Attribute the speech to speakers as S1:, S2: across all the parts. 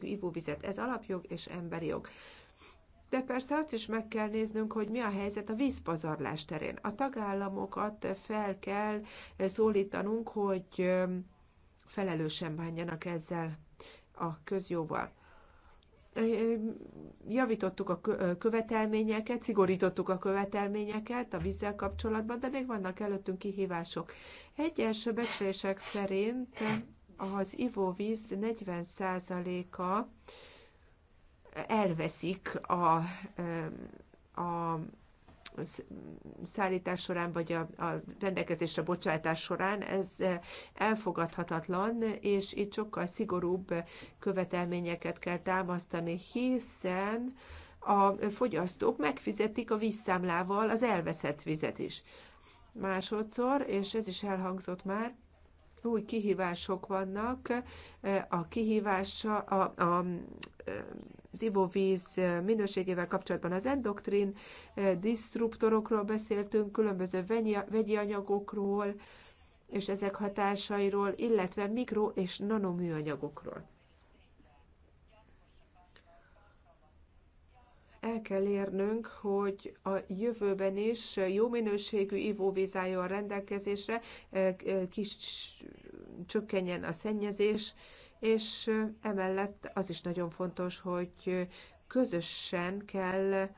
S1: ivóvizet. Ez alapjog és emberi jog. De persze azt is meg kell néznünk, hogy mi a helyzet a vízpazarlás terén. A tagállamokat fel kell szólítanunk, hogy felelősen bánjanak ezzel a közjóval. Javítottuk a követelményeket, szigorítottuk a követelményeket a vízzel kapcsolatban, de még vannak előttünk kihívások. Egyes becslések szerint az ivóvíz 40%-a elveszik a, a szállítás során, vagy a, a rendelkezésre bocsátás során, ez elfogadhatatlan, és itt sokkal szigorúbb követelményeket kell támasztani, hiszen a fogyasztók megfizetik a vízszámlával az elveszett vizet is. Másodszor, és ez is elhangzott már, új kihívások vannak. A kihívása, a, a, az ivóvíz minőségével kapcsolatban az endoktrin diszruptorokról beszéltünk, különböző vegyi, vegyi anyagokról, és ezek hatásairól, illetve mikro- és nanoműanyagokról. El kell érnünk, hogy a jövőben is jó minőségű ivóvíz álljon rendelkezésre, eh, eh, kis csökkenjen a szennyezés, és eh, emellett az is nagyon fontos, hogy közösen kell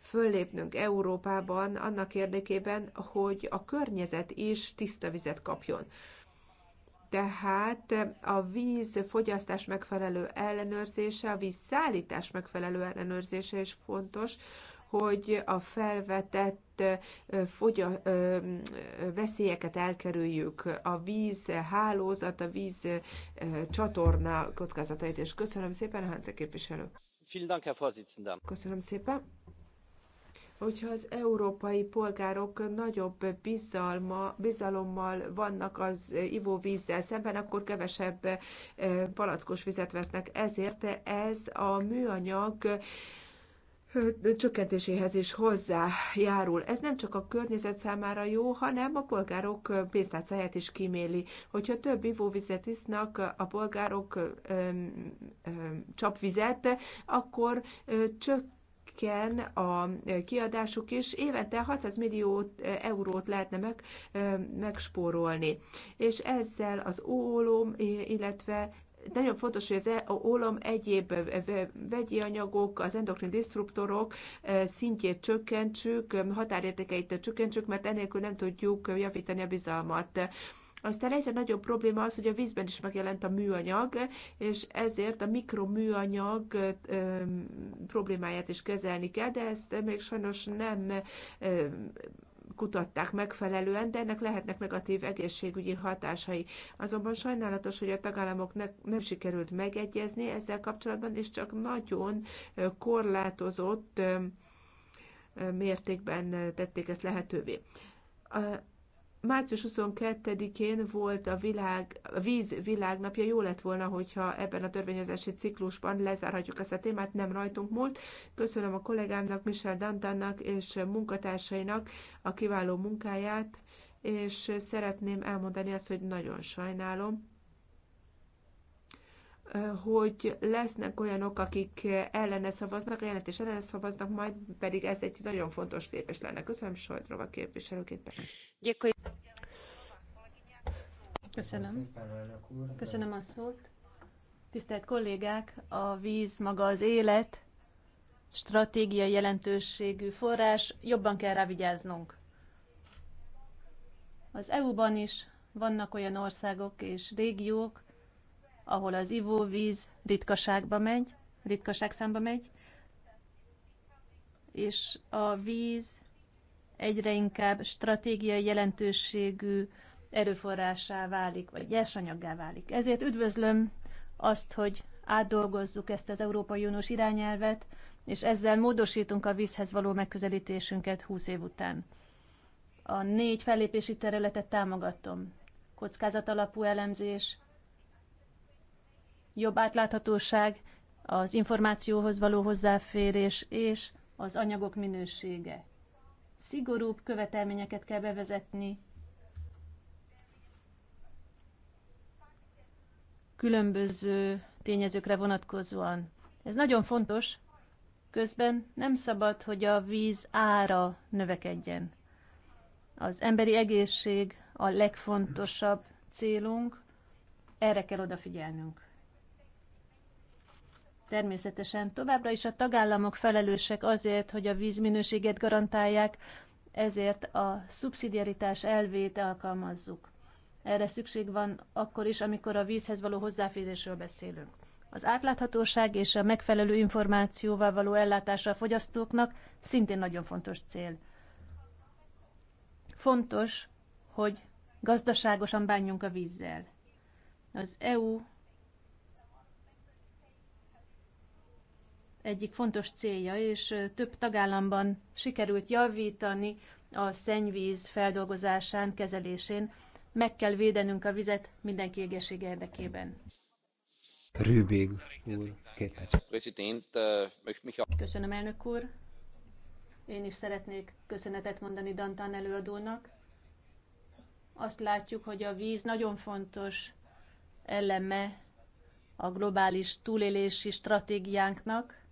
S1: föllépnünk Európában annak érdekében, hogy a környezet is tiszta vizet kapjon tehát a víz fogyasztás megfelelő ellenőrzése, a víz szállítás megfelelő ellenőrzése is fontos, hogy a felvetett fogya, veszélyeket elkerüljük, a víz hálózat, a víz csatorna kockázatait, és köszönöm szépen, Hánce képviselő. Köszönöm szépen hogyha az európai polgárok nagyobb bizalma, bizalommal vannak az ivóvízzel szemben, akkor kevesebb eh, palackos vizet vesznek. Ezért ez a műanyag eh, csökkentéséhez is hozzájárul. Ez nem csak a környezet számára jó, hanem a polgárok eh, pénztárcáját is kiméli. Hogyha több ivóvizet isznak a polgárok öm, öm, csapvizet, akkor ö, csökkent csökken a kiadásuk is, évente 600 millió eurót lehetne meg, megspórolni. És ezzel az ólom, illetve nagyon fontos, hogy az e-, ólom egyéb vegyi anyagok, az endokrin disztruktorok szintjét csökkentsük, határértékeit csökkentsük, mert enélkül nem tudjuk javítani a bizalmat. Aztán egyre nagyobb probléma az, hogy a vízben is megjelent a műanyag, és ezért a mikroműanyag problémáját is kezelni kell, de ezt még sajnos nem kutatták megfelelően, de ennek lehetnek negatív egészségügyi hatásai. Azonban sajnálatos, hogy a tagállamoknak nem sikerült megegyezni ezzel kapcsolatban, és csak nagyon korlátozott mértékben tették ezt lehetővé Március 22-én volt a, világ, a víz világnapja, jó lett volna, hogyha ebben a törvényezési ciklusban lezárhatjuk ezt a témát, nem rajtunk múlt. Köszönöm a kollégámnak, Michel Dantannak és munkatársainak a kiváló munkáját, és szeretném elmondani azt, hogy nagyon sajnálom, hogy lesznek olyanok, akik ellene szavaznak, a jelentés ellene szavaznak, majd pedig ez egy nagyon fontos lépés lenne. Köszönöm Sojdrova képviselőkét.
S2: Köszönöm. Köszönöm a szót. Tisztelt kollégák, a víz maga az élet, stratégiai jelentőségű forrás, jobban kell rávigyáznunk. Az EU-ban is vannak olyan országok és régiók, ahol az ivóvíz ritkaságba megy, ritkaság számba megy, és a víz egyre inkább stratégiai jelentőségű erőforrásá válik, vagy nyersanyaggá válik. Ezért üdvözlöm azt, hogy átdolgozzuk ezt az Európai Uniós irányelvet, és ezzel módosítunk a vízhez való megközelítésünket 20 év után. A négy fellépési területet támogatom. Kockázatalapú elemzés, jobb átláthatóság, az információhoz való hozzáférés és az anyagok minősége. Szigorúbb követelményeket kell bevezetni, különböző tényezőkre vonatkozóan. Ez nagyon fontos, közben nem szabad, hogy a víz ára növekedjen. Az emberi egészség a legfontosabb célunk, erre kell odafigyelnünk. Természetesen továbbra is a tagállamok felelősek azért, hogy a vízminőséget garantálják, ezért a szubszidiaritás elvét alkalmazzuk. Erre szükség van akkor is, amikor a vízhez való hozzáférésről beszélünk. Az átláthatóság és a megfelelő információval való ellátása a fogyasztóknak szintén nagyon fontos cél. Fontos, hogy gazdaságosan bánjunk a vízzel. Az EU egyik fontos célja, és több tagállamban sikerült javítani a szennyvíz feldolgozásán, kezelésén. Meg kell védenünk a vizet mindenki égeség érdekében.
S3: Rübig úr, két
S2: Köszönöm, elnök úr. Én is szeretnék köszönetet mondani Dantán előadónak. Azt látjuk, hogy a víz nagyon fontos eleme a globális túlélési stratégiánknak,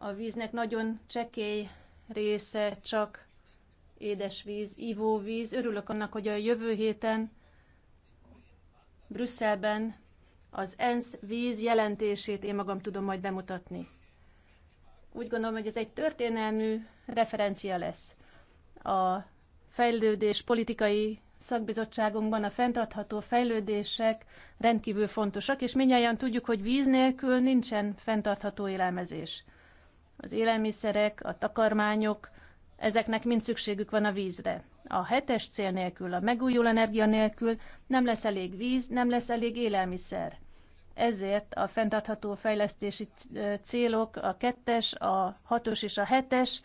S2: a víznek nagyon csekély része csak édesvíz, ivóvíz. Örülök annak, hogy a jövő héten Brüsszelben az ENSZ víz jelentését én magam tudom majd bemutatni. Úgy gondolom, hogy ez egy történelmű referencia lesz. A fejlődés politikai szakbizottságunkban a fenntartható fejlődések rendkívül fontosak, és mindjárt tudjuk, hogy víz nélkül nincsen fenntartható élelmezés az élelmiszerek, a takarmányok, ezeknek mind szükségük van a vízre. A hetes cél nélkül, a megújuló energia nélkül nem lesz elég víz, nem lesz elég élelmiszer. Ezért a fenntartható fejlesztési eh, célok, a kettes, a hatos és a hetes,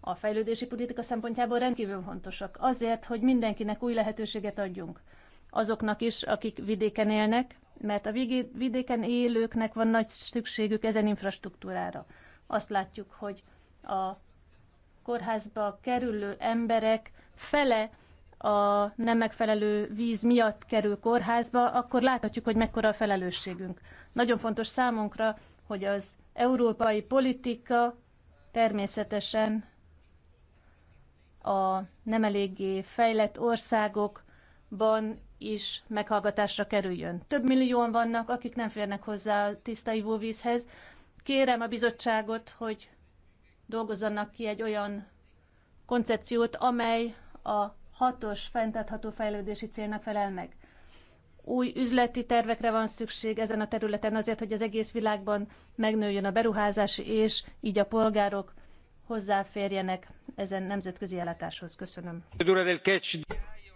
S2: a fejlődési politika szempontjából rendkívül fontosak. Azért, hogy mindenkinek új lehetőséget adjunk. Azoknak is, akik vidéken élnek, mert a vidéken élőknek van nagy szükségük ezen infrastruktúrára azt látjuk, hogy a kórházba kerülő emberek fele a nem megfelelő víz miatt kerül kórházba, akkor láthatjuk, hogy mekkora a felelősségünk. Nagyon fontos számunkra, hogy az európai politika természetesen a nem eléggé fejlett országokban is meghallgatásra kerüljön. Több millióan vannak, akik nem férnek hozzá a tiszta ivóvízhez, Kérem a bizottságot, hogy dolgozzanak ki egy olyan koncepciót, amely a hatos fenntartható fejlődési célnak felel meg. Új üzleti tervekre van szükség ezen a területen azért, hogy az egész világban megnőjön a beruházás, és így a polgárok hozzáférjenek ezen nemzetközi ellátáshoz. Köszönöm.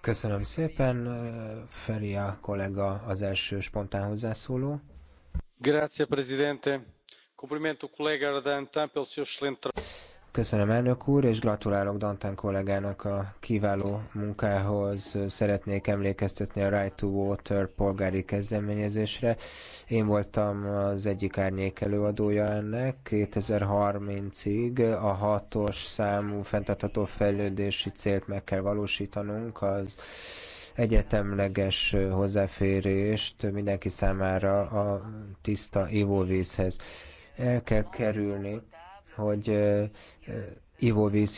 S3: Köszönöm szépen. Feria kollega az első spontán hozzászóló.
S4: Grazie, Presidente.
S3: Köszönöm, elnök úr, és gratulálok Dantán kollégának a kiváló munkához. Szeretnék emlékeztetni a Right to Water polgári kezdeményezésre. Én voltam az egyik árnyék előadója ennek. 2030-ig a hatos számú fenntartható fejlődési célt meg kell valósítanunk. Az egyetemleges hozzáférést mindenki számára a tiszta ivóvízhez. El kell kerülni, hogy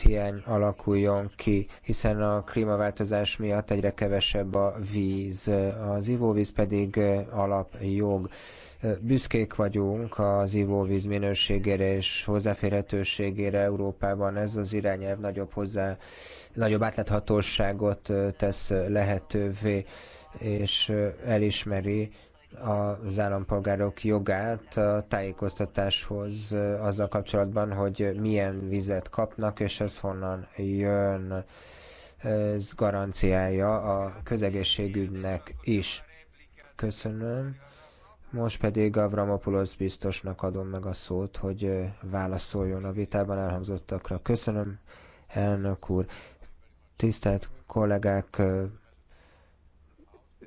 S3: hiány alakuljon ki, hiszen a klímaváltozás miatt egyre kevesebb a víz, az ivóvíz pedig alapjog. Büszkék vagyunk az ivóvíz minőségére és hozzáférhetőségére Európában. Ez az irányelv nagyobb hozzá, nagyobb átláthatóságot tesz lehetővé, és elismeri az állampolgárok jogát a tájékoztatáshoz eh, azzal kapcsolatban, hogy milyen vizet kapnak, és ez honnan jön. Ez garanciája a közegészségügynek is. Köszönöm. Most pedig Avramopoulos biztosnak adom meg a szót, hogy eh, válaszoljon a vitában elhangzottakra. Köszönöm, elnök úr. Tisztelt kollégák, eh,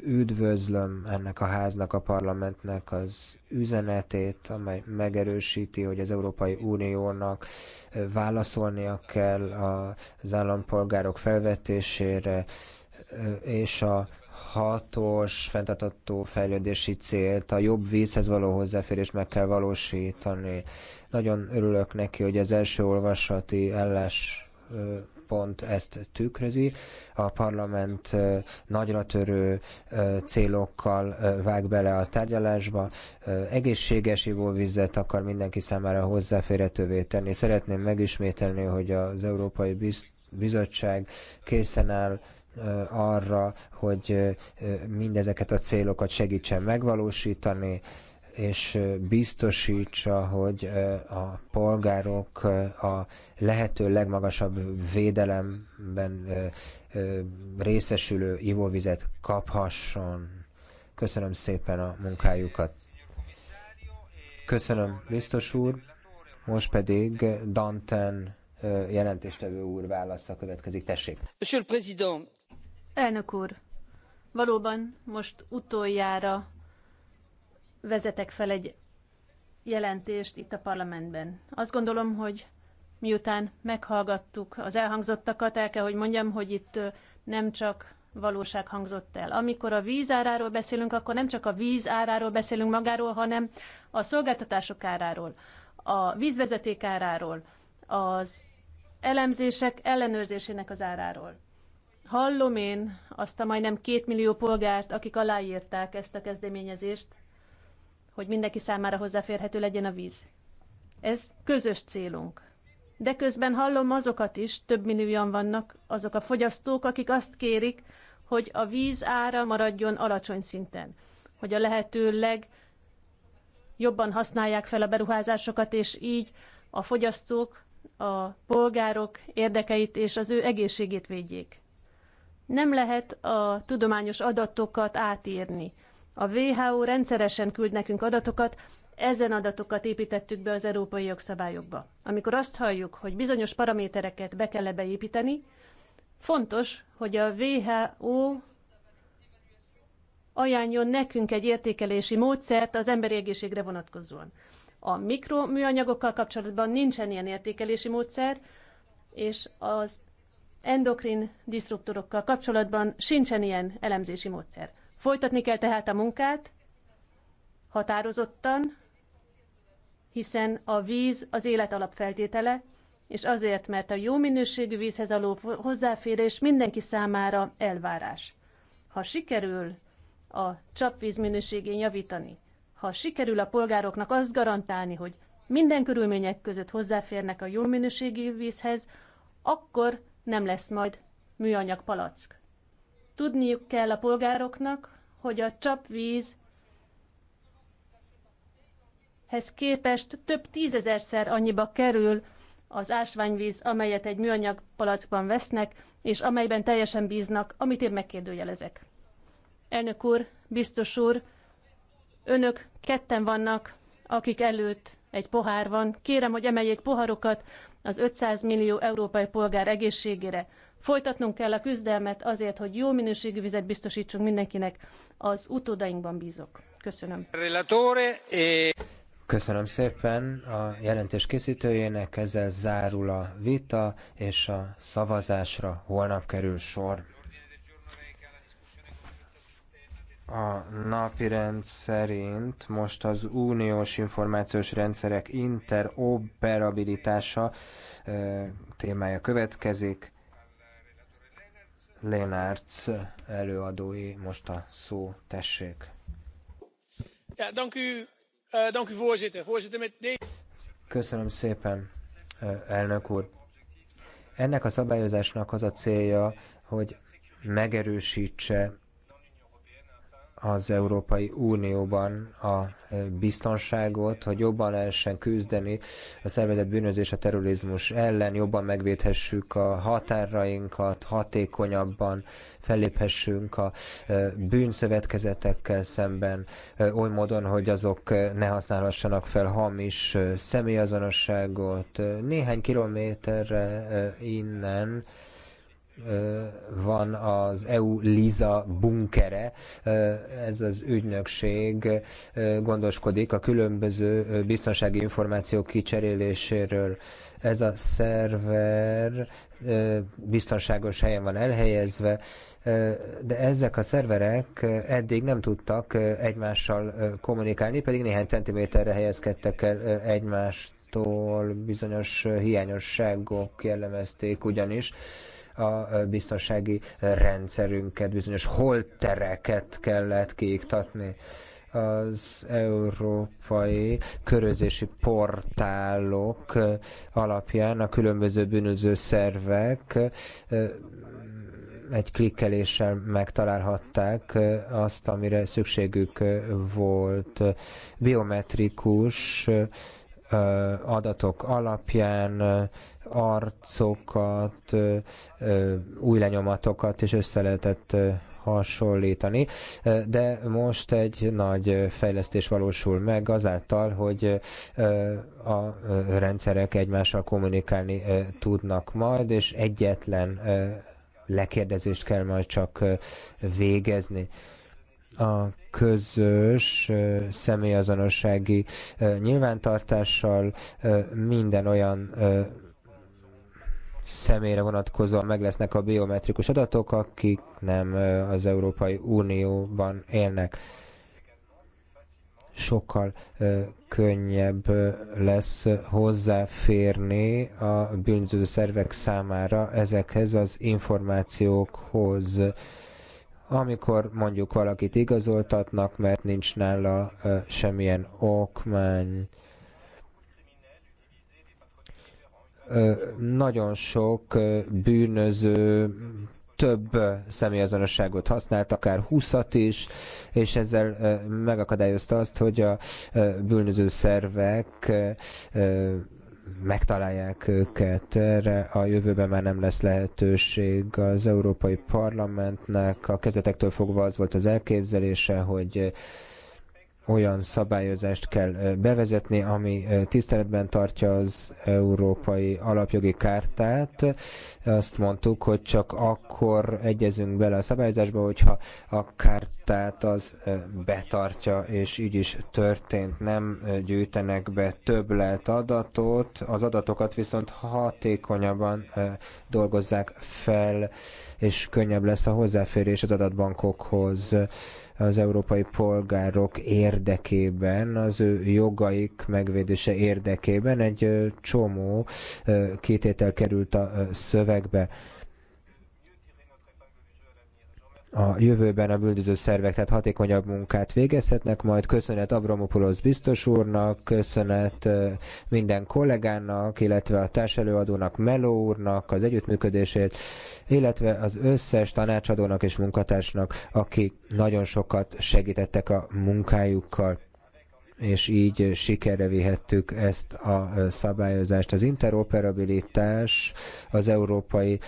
S3: üdvözlöm ennek a háznak, a parlamentnek az üzenetét, amely megerősíti, hogy az Európai Uniónak válaszolnia kell az állampolgárok felvetésére, és a hatos fenntartató fejlődési célt, a jobb vízhez való hozzáférést meg kell valósítani. Nagyon örülök neki, hogy az első olvasati ellás pont ezt tükrözi. A parlament nagyra törő célokkal vág bele a tárgyalásba, egészséges ivóvizet akar mindenki számára hozzáférhetővé tenni. Szeretném megismételni, hogy az Európai bizottság készen áll arra, hogy mindezeket a célokat segítsen megvalósítani, és biztosítsa, hogy a polgárok a lehető legmagasabb védelemben részesülő ivóvizet kaphasson. Köszönöm szépen a munkájukat. Köszönöm, biztos úr. Most pedig Danten jelentéstevő úr válasza következik. Tessék.
S2: Monsieur le Président. Elnök úr, valóban most utoljára vezetek fel egy jelentést itt a parlamentben. Azt gondolom, hogy miután meghallgattuk az elhangzottakat, el kell, hogy mondjam, hogy itt nem csak valóság hangzott el. Amikor a vízáráról beszélünk, akkor nem csak a vízáráról beszélünk magáról, hanem a szolgáltatások áráról, a vízvezeték áráról, az elemzések ellenőrzésének az áráról. Hallom én azt a majdnem két millió polgárt, akik aláírták ezt a kezdeményezést, hogy mindenki számára hozzáférhető legyen a víz. Ez közös célunk. De közben hallom azokat is, több millióan vannak azok a fogyasztók, akik azt kérik, hogy a víz ára maradjon alacsony szinten, hogy a lehető legjobban használják fel a beruházásokat, és így a fogyasztók, a polgárok érdekeit és az ő egészségét védjék. Nem lehet a tudományos adatokat átírni a WHO rendszeresen küld nekünk adatokat, ezen adatokat építettük be az európai jogszabályokba. Amikor azt halljuk, hogy bizonyos paramétereket be kell -e beépíteni, fontos, hogy a WHO ajánljon nekünk egy értékelési módszert az emberi egészségre vonatkozóan. A mikroműanyagokkal kapcsolatban nincsen ilyen értékelési módszer, és az endokrin diszruptorokkal kapcsolatban sincsen ilyen elemzési módszer. Folytatni kell tehát a munkát, határozottan, hiszen a víz az élet alapfeltétele, és azért, mert a jó minőségű vízhez aló hozzáférés mindenki számára elvárás. Ha sikerül a csapvíz minőségén javítani, ha sikerül a polgároknak azt garantálni, hogy minden körülmények között hozzáférnek a jó minőségű vízhez, akkor nem lesz majd műanyag palack. Tudniuk kell a polgároknak, hogy a csapvíz képest több tízezerszer annyiba kerül az ásványvíz, amelyet egy műanyag palackban vesznek, és amelyben teljesen bíznak, amit én megkérdőjelezek. Elnök úr, biztos úr, önök ketten vannak, akik előtt egy pohár van. Kérem, hogy emeljék poharokat az 500 millió európai polgár egészségére, Folytatnunk kell a küzdelmet azért, hogy jó minőségű vizet biztosítsunk mindenkinek. Az utódainkban bízok. Köszönöm.
S3: E- Köszönöm szépen a jelentés készítőjének, ezzel zárul a vita, és a szavazásra holnap kerül sor. a napirend szerint most az uniós információs rendszerek interoperabilitása témája következik. Lénárc előadói most a szó, tessék.
S4: Ja, eh,
S3: Köszönöm szépen, eh, elnök úr. Ennek a szabályozásnak az a célja, hogy megerősítse az Európai Unióban a eh, biztonságot, hogy jobban lehessen küzdeni a szervezett bűnözés a terrorizmus ellen, jobban megvédhessük a határainkat, hatékonyabban felléphessünk a eh, bűnszövetkezetekkel szemben, eh, oly módon, hogy azok ne használhassanak fel hamis személyazonosságot. Néhány kilométerre innen van az EU Liza bunkere. Ez az ügynökség gondoskodik a különböző biztonsági információk kicseréléséről. Ez a szerver biztonságos helyen van elhelyezve, de ezek a szerverek eddig nem tudtak egymással kommunikálni, pedig néhány centiméterre helyezkedtek el egymástól, bizonyos hiányosságok jellemezték ugyanis a biztonsági rendszerünket, bizonyos holtereket kellett kiiktatni az európai körözési portálok alapján a különböző bűnöző szervek egy klikkeléssel megtalálhatták azt, amire szükségük volt. Biometrikus adatok alapján arcokat, új lenyomatokat és össze lehetett hasonlítani, de most egy nagy fejlesztés valósul meg azáltal, hogy a rendszerek egymással kommunikálni tudnak majd, és egyetlen lekérdezést kell majd csak végezni. A közös személyazonossági nyilvántartással minden olyan személyre vonatkozóan meg lesznek a biometrikus adatok, akik nem az Európai Unióban élnek. Sokkal könnyebb lesz hozzáférni a bűnöző szervek számára ezekhez az információkhoz amikor mondjuk valakit igazoltatnak, mert nincs nála semmilyen okmány, nagyon sok bűnöző több személyazonosságot használt, akár 20 is, és ezzel megakadályozta azt, hogy a bűnöző szervek megtalálják őket. Erre a jövőben már nem lesz lehetőség. Az Európai Parlamentnek a kezetektől fogva az volt az elképzelése, hogy olyan szabályozást kell bevezetni, ami tiszteletben tartja az Európai Alapjogi Kártát. Azt mondtuk, hogy csak akkor egyezünk bele a szabályozásba, hogyha a kártát az betartja, és így is történt. Nem gyűjtenek be többlet adatot, az adatokat viszont hatékonyabban dolgozzák fel, és könnyebb lesz a hozzáférés az adatbankokhoz az európai polgárok érdekében, az ő jogaik megvédése érdekében. Egy csomó kitétel került a szövegbe a jövőben a bűnöző szervek tehát hatékonyabb munkát végezhetnek, majd köszönet Abramopoulos biztos úrnak, köszönet minden kollégának, illetve a társelőadónak, Meló úrnak az együttműködését, illetve az összes tanácsadónak és munkatársnak, akik nagyon sokat segítettek a munkájukkal és így sikerre vihettük ezt a szabályozást. Az interoperabilitás az európai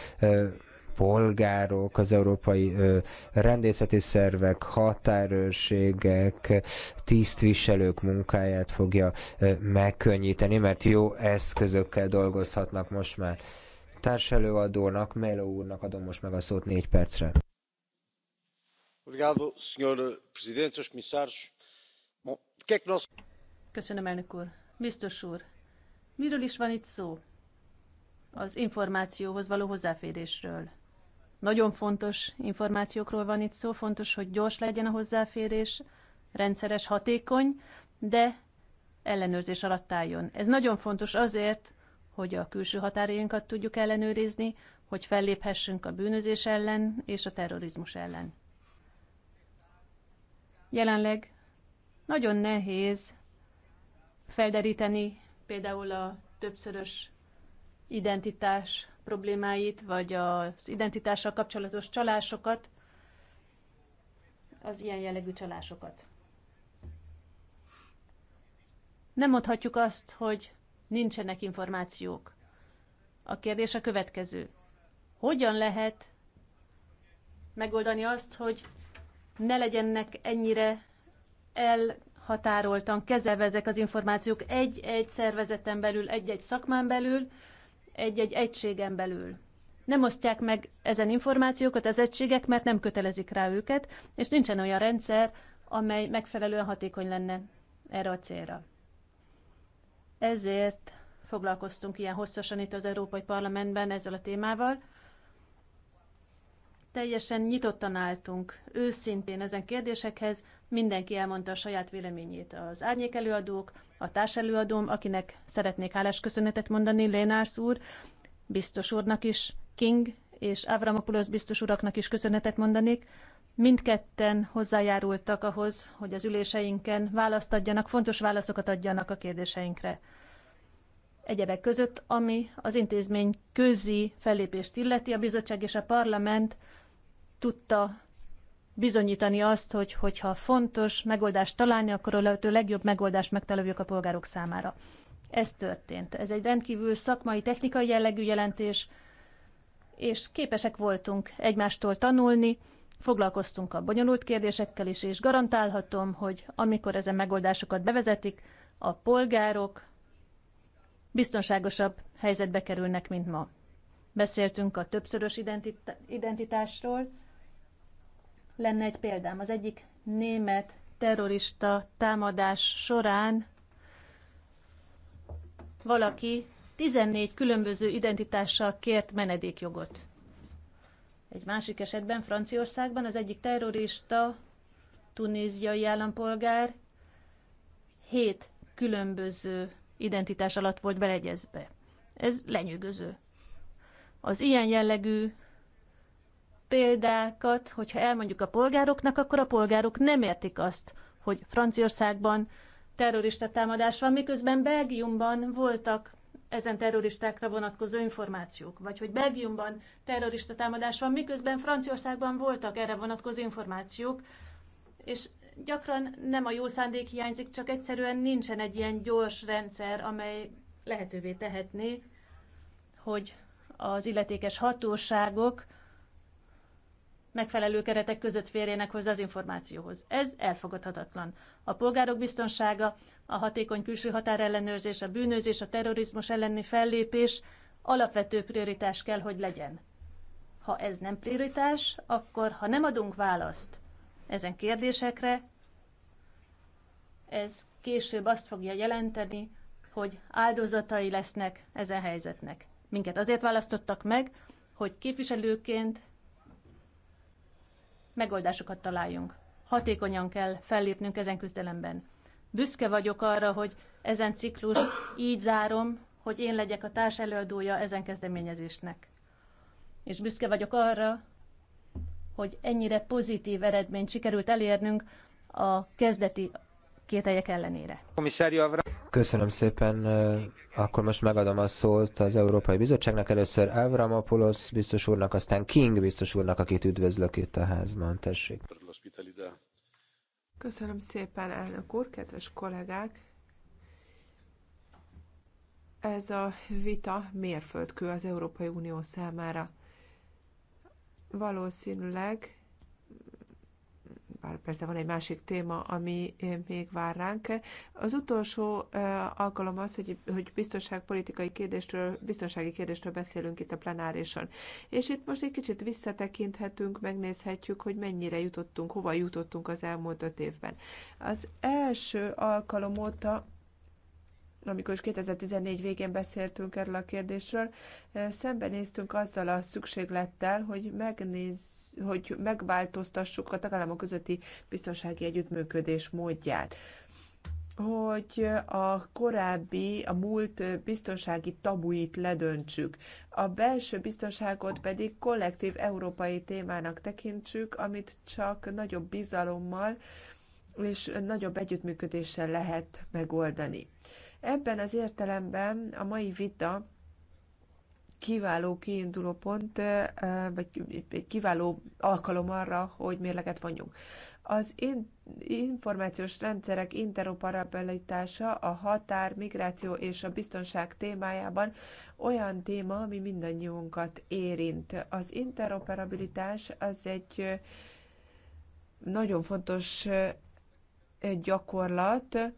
S3: polgárok, az európai ö, rendészeti szervek, határőrségek, tisztviselők munkáját fogja ö, megkönnyíteni, mert jó eszközökkel dolgozhatnak most már. Társelőadónak, Melo úrnak adom most meg a szót négy percre.
S2: Köszönöm, elnök úr. Biztos úr, miről is van itt szó? Az információhoz való hozzáférésről. Nagyon fontos információkról van itt szó, fontos, hogy gyors legyen a hozzáférés, rendszeres, hatékony, de ellenőrzés alatt álljon. Ez nagyon fontos azért, hogy a külső határainkat tudjuk ellenőrizni, hogy felléphessünk a bűnözés ellen és a terrorizmus ellen. Jelenleg nagyon nehéz felderíteni például a többszörös identitás problémáit, vagy az identitással kapcsolatos csalásokat, az ilyen jellegű csalásokat. Nem mondhatjuk azt, hogy nincsenek információk. A kérdés a következő. Hogyan lehet megoldani azt, hogy ne legyenek ennyire elhatároltan kezelve ezek az információk egy-egy szervezeten belül, egy-egy szakmán belül, egy-egy egységen belül. Nem osztják meg ezen információkat az egységek, mert nem kötelezik rá őket, és nincsen olyan rendszer, amely megfelelően hatékony lenne erre a célra. Ezért foglalkoztunk ilyen hosszasan itt az Európai Parlamentben ezzel a témával. Teljesen nyitottan álltunk őszintén ezen kérdésekhez, Mindenki elmondta a saját véleményét. Az árnyék előadók, a társelőadóm, akinek szeretnék hálás köszönetet mondani, Lénárs úr, biztos úrnak is, King és Avramopoulos biztos uraknak is köszönetet mondanék. Mindketten hozzájárultak ahhoz, hogy az üléseinken választ adjanak, fontos válaszokat adjanak a kérdéseinkre. Egyebek között, ami az intézmény közi fellépést illeti, a bizottság és a parlament tudta bizonyítani azt, hogy hogyha fontos megoldást találni, akkor a lehető legjobb megoldást megtaláljuk a polgárok számára. Ez történt. Ez egy rendkívül szakmai, technikai jellegű jelentés, és képesek voltunk egymástól tanulni, foglalkoztunk a bonyolult kérdésekkel is, és garantálhatom, hogy amikor ezen megoldásokat bevezetik, a polgárok biztonságosabb helyzetbe kerülnek, mint ma. Beszéltünk a többszörös identitásról, lenne egy példám. Az egyik német terrorista támadás során valaki 14 különböző identitással kért menedékjogot. Egy másik esetben Franciaországban az egyik terrorista, tunéziai állampolgár 7 különböző identitás alatt volt beleegyezve. Ez lenyűgöző. Az ilyen jellegű példákat, hogyha elmondjuk a polgároknak, akkor a polgárok nem értik azt, hogy Franciaországban terrorista támadás van, miközben Belgiumban voltak ezen terroristákra vonatkozó információk, vagy hogy Belgiumban terrorista támadás van, miközben Franciaországban voltak erre vonatkozó információk, és gyakran nem a jó szándék hiányzik, csak egyszerűen nincsen egy ilyen gyors rendszer, amely lehetővé tehetné, hogy az illetékes hatóságok megfelelő keretek között férjenek hozzá az információhoz. Ez elfogadhatatlan. A polgárok biztonsága, a hatékony külső határellenőrzés, a bűnözés, a terrorizmus elleni fellépés alapvető prioritás kell, hogy legyen. Ha ez nem prioritás, akkor ha nem adunk választ ezen kérdésekre, ez később azt fogja jelenteni, hogy áldozatai lesznek ezen helyzetnek. Minket azért választottak meg, hogy képviselőként megoldásokat találjunk. Hatékonyan kell fellépnünk ezen küzdelemben. Büszke vagyok arra, hogy ezen ciklus így zárom, hogy én legyek a társ előadója ezen kezdeményezésnek. És büszke vagyok arra, hogy ennyire pozitív eredményt sikerült elérnünk a kezdeti kételyek ellenére.
S3: Köszönöm szépen. Akkor most megadom a szót az Európai Bizottságnak. Először Avramopoulos biztos úrnak, aztán King biztos úrnak, akit üdvözlök itt a házban. Tessék.
S1: Köszönöm szépen, elnök úr, kedves kollégák! Ez a vita mérföldkő az Európai Unió számára. Valószínűleg bár persze van egy másik téma, ami eh, még vár ránk. Az utolsó eh, alkalom az, hogy, hogy biztonságpolitikai kérdésről, biztonsági kérdésről beszélünk itt a plenárison. És itt most egy kicsit visszatekinthetünk, megnézhetjük, hogy mennyire jutottunk, hova jutottunk az elmúlt öt évben. Az első alkalom óta amikor is 2014 végén beszéltünk erről a kérdésről, szembenéztünk azzal a szükséglettel, hogy, megnéz, hogy megváltoztassuk a tagállamok közötti biztonsági együttműködés módját hogy a korábbi, a múlt biztonsági tabuit ledöntsük, a belső biztonságot pedig kollektív európai témának tekintsük, amit csak nagyobb bizalommal és nagyobb együttműködéssel lehet megoldani. Ebben az értelemben a mai vita kiváló kiinduló pont, vagy egy kiváló alkalom arra, hogy mérleget vonjunk. Az in- információs rendszerek interoperabilitása a határ, migráció és a biztonság témájában olyan téma, ami mindannyiunkat érint. Az interoperabilitás az egy nagyon fontos gyakorlat,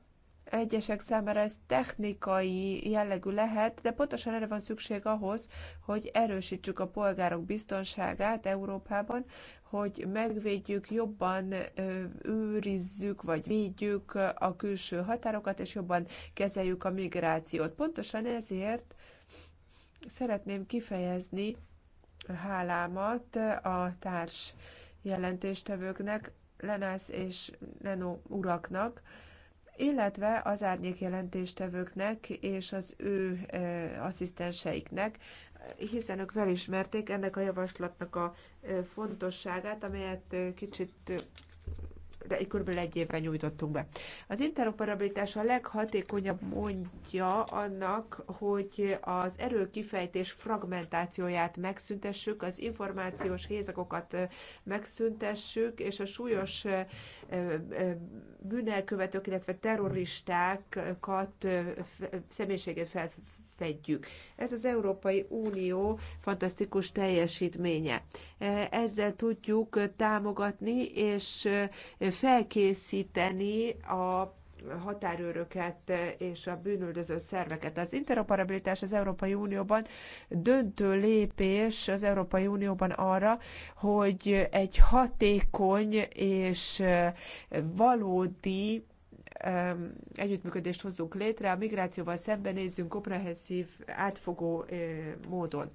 S1: Egyesek számára ez technikai jellegű lehet, de pontosan erre van szükség ahhoz, hogy erősítsük a polgárok biztonságát Európában, hogy megvédjük, jobban őrizzük vagy védjük a külső határokat, és jobban kezeljük a migrációt. Pontosan ezért szeretném kifejezni hálámat a társ jelentéstevőknek, Lenász és Lenó uraknak, illetve az árnyék jelentéstevőknek és az ő e, asszisztenseiknek, hiszen ők felismerték ennek a javaslatnak a e, fontosságát, amelyet e, kicsit de kb. egy évre nyújtottunk be. Az interoperabilitás a leghatékonyabb mondja annak, hogy az erőkifejtés fragmentációját megszüntessük, az információs hézagokat megszüntessük, és a súlyos bűnelkövetők, illetve terroristákat, személyiségét fel lefedjük. Ez az Európai Unió fantasztikus teljesítménye. E, ezzel tudjuk támogatni és e, felkészíteni a határőröket és a bűnöldöző szerveket. Az interoperabilitás az Európai Unióban döntő lépés az Európai Unióban arra, hogy egy hatékony és valódi együttműködést hozzunk létre, a migrációval szembenézzünk komprehenszív, átfogó módon.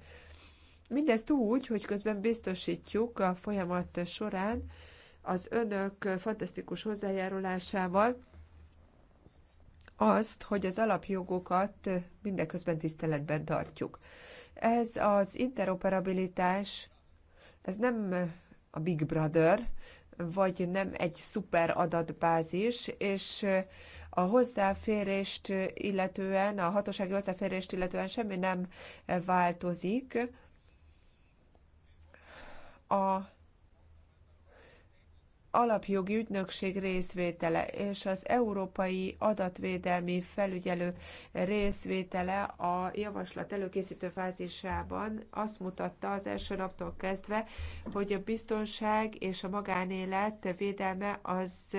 S1: Mindezt úgy, hogy közben biztosítjuk a folyamat során az önök fantasztikus hozzájárulásával azt, hogy az alapjogokat mindeközben tiszteletben tartjuk. Ez az interoperabilitás, ez nem a Big Brother, vagy nem egy szuper adatbázis, és eh, a hozzáférést illetően, a hatósági hozzáférést illetően semmi nem eh, változik. A alapjogi ügynökség részvétele és az Európai Adatvédelmi Felügyelő részvétele a javaslat előkészítő fázisában azt mutatta az első naptól kezdve, hogy a biztonság és a magánélet védelme az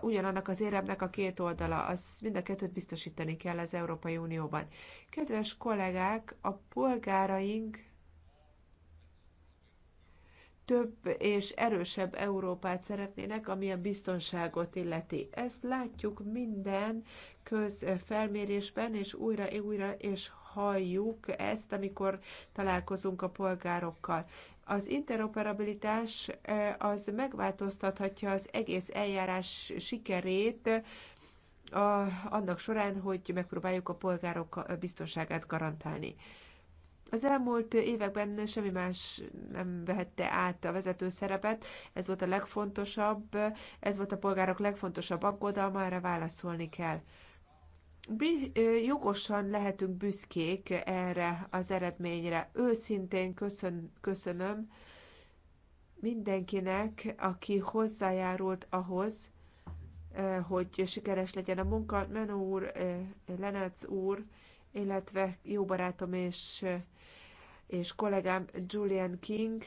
S1: ugyanannak az éremnek a két oldala. Az mind a kettőt biztosítani kell az Európai Unióban. Kedves kollégák, a polgáraink több és erősebb Európát szeretnének, ami a biztonságot illeti. Ezt látjuk minden közfelmérésben, és újra, újra és halljuk ezt, amikor találkozunk a polgárokkal. Az interoperabilitás eh, az megváltoztathatja az egész eljárás sikerét, a, annak során, hogy megpróbáljuk a polgárok biztonságát garantálni. Az elmúlt években semmi más nem vehette át a vezető szerepet, ez volt a legfontosabb, ez volt a polgárok legfontosabb aggodalma, erre válaszolni kell. Jogosan lehetünk büszkék erre az eredményre. Őszintén köszön, köszönöm mindenkinek, aki hozzájárult ahhoz, hogy sikeres legyen a munka. Menó úr, Lenec úr, illetve jó barátom és és kollégám Julian King,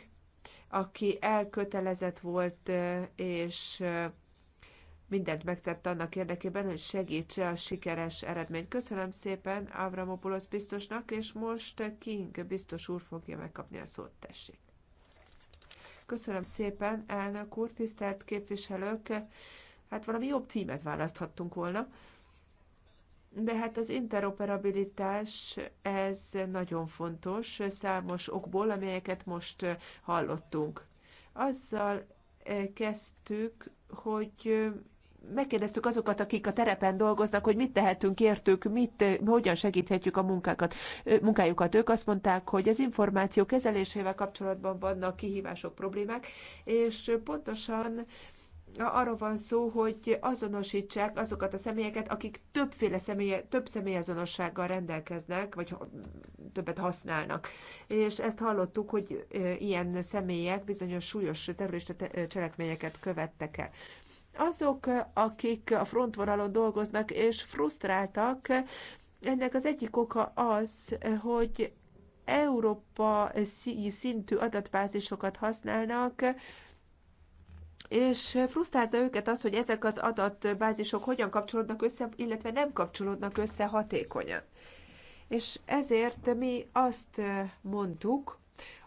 S1: aki elkötelezett volt, és mindent megtett annak érdekében, hogy segítse a sikeres eredményt. Köszönöm szépen Avramopoulos biztosnak, és most King biztos úr fogja megkapni a szót, tessék. Köszönöm szépen, elnök úr, tisztelt képviselők! Hát valami jobb címet választhattunk volna. De hát az interoperabilitás, ez nagyon fontos számos okból, amelyeket most hallottunk. Azzal kezdtük, hogy megkérdeztük azokat, akik a terepen dolgoznak, hogy mit tehetünk értük, mit, hogyan segíthetjük a munkákat, munkájukat. Ők azt mondták, hogy az információ kezelésével kapcsolatban vannak kihívások, problémák, és pontosan arról van szó, hogy azonosítsák azokat a személyeket, akik többféle személy, több személyazonossággal rendelkeznek, vagy többet használnak. És ezt hallottuk, hogy ilyen személyek bizonyos súlyos terrorista cselekményeket követtek el azok, akik a frontvonalon dolgoznak és frusztráltak, ennek az egyik oka az, hogy Európa szintű adatbázisokat használnak, és frusztrálta őket az, hogy ezek az adatbázisok hogyan kapcsolódnak össze, illetve nem kapcsolódnak össze hatékonyan. És ezért mi azt mondtuk,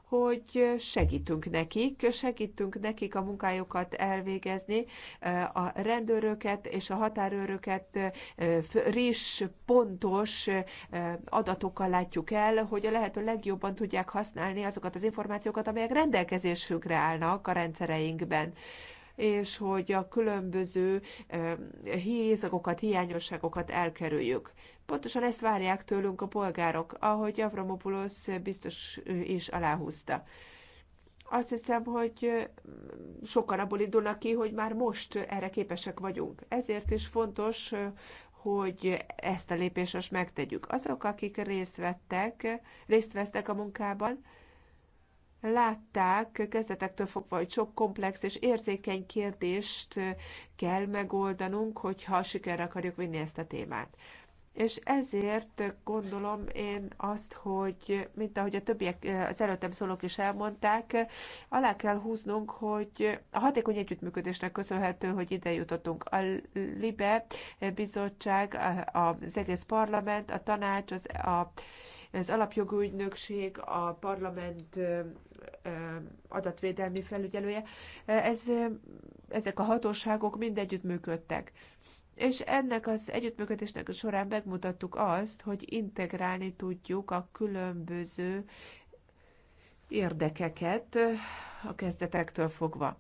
S1: hogy segítünk nekik, segítünk nekik a munkájukat elvégezni, a rendőröket és a határőröket friss, pontos adatokkal látjuk el, hogy a lehető legjobban tudják használni azokat az információkat, amelyek rendelkezésünkre állnak a rendszereinkben és hogy a különböző eh, hézagokat, hiányosságokat elkerüljük. Pontosan ezt várják tőlünk a polgárok, ahogy Avramopoulos biztos is aláhúzta azt hiszem, hogy eh, sokan abból indulnak ki, hogy már most erre képesek vagyunk. Ezért is fontos, eh, hogy ezt a lépést most megtegyük. Azok, akik részt vettek, részt vesztek a munkában, látták kezdetektől fogva, hogy sok komplex és érzékeny kérdést kell megoldanunk, hogyha sikerre akarjuk vinni ezt a témát. És ezért gondolom én azt, hogy mint ahogy a többiek, az előttem szólók is elmondták, alá kell húznunk, hogy a hatékony együttműködésnek köszönhető, hogy ide jutottunk. A LIBE bizottság, az egész parlament, a tanács, az, a az alapjogú ügynökség, a parlament adatvédelmi felügyelője, ez, ezek a hatóságok mind együttműködtek. És ennek az együttműködésnek a során megmutattuk azt, hogy integrálni tudjuk a különböző érdekeket a kezdetektől fogva